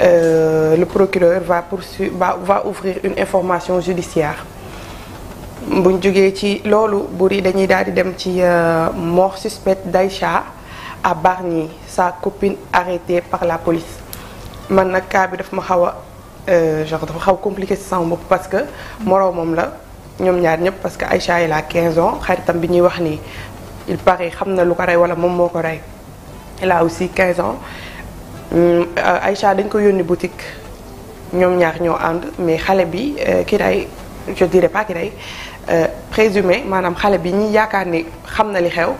Euh, le procureur va va, va ouvrir une information judiciaire buñ jógee ci loolu buur yi dañuy daal di dem ci euh, mort suspecte d'Aïcha à Barney, sa copine arrêtée par la police man nag cas bi daf ma euh, genre xaw compliqué parce que moroomam la ñoom ñaar parce que Aïcha il a 15 ans xaritam bi ñuy wax nii il paraît xam na lu ko wala moom moo a aussi 15 ans Mm, Aïcha dañ ko yoni boutique ñom ñaar ñoo and mais xalé bi euh, day je dirais pas Kiray euh, présumé manam xalé bi ñi yaakaar ni xam na li xew.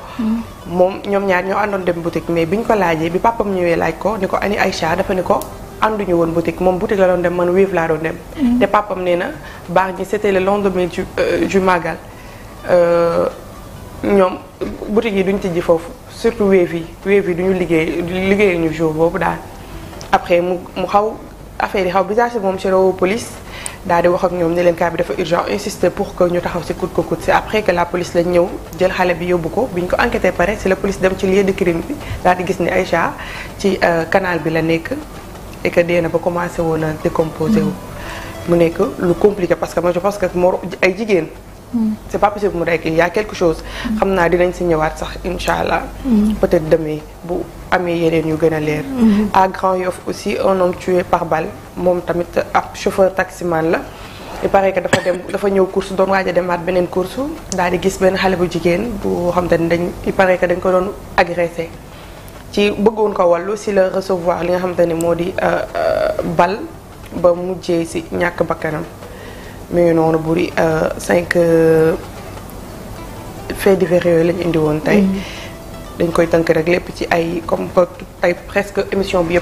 mom mm. ñom ñaar ñoo àndoon dem boutique mais biñ ko laajé bi papam ñëwee laaj ko niko ani Aïcha dafa niko ko. ànduñu woon boutique mom boutique la doon dem man Wave la doon dem. Mm. té papam néna baax ji c'était le lendemain du euh, du euh ñom boutique yi duñ tijji foofu surtout Wave yi Wave yi duñu liggéey liggéey ñu jour boobu daal après mu mu xaw affaire yi xaw bizarre si moom la police daal di wax ak ñoom ne leen cas bi dafa urgent insister pour que ñu taxaw si coup que coûte après que la police la ñëw jël xale bi yóbbu ko bi ko enquêté pare si la police dem ci lieu de crime bi daal di gis ni Aïcha ci euh, canal bi la nekk et que dee na ba commencé woon a décomposé wu mm. mu nekk lu compliqué parce que moi je pense que moo ay jigéen Mm. c'est pas possible mu rekk il y a quelque chose. Mm. xam naa dinañ si ñëwaat sax incha allah. Mm. peut-être demee bu amee yeneen yu gën a leer. à Grand Yoff aussi un homme tué par balle moom tamit ab chauffeur taximaan la. il paraît que dafa dem dafa ñëw course doon waaj a demaat beneen course daal di gis benn xale bu jigéen bu xam te ni dañ il paraît que dañ ko doon agressé. ci bëggoon ko wàllu si la recevoir li nga xamante ni moo di euh, euh, bal ba mujjee si ñàkk bakkanam on on a buri cinq euh, faits divers yooyu time mm-hmm. comme presque émission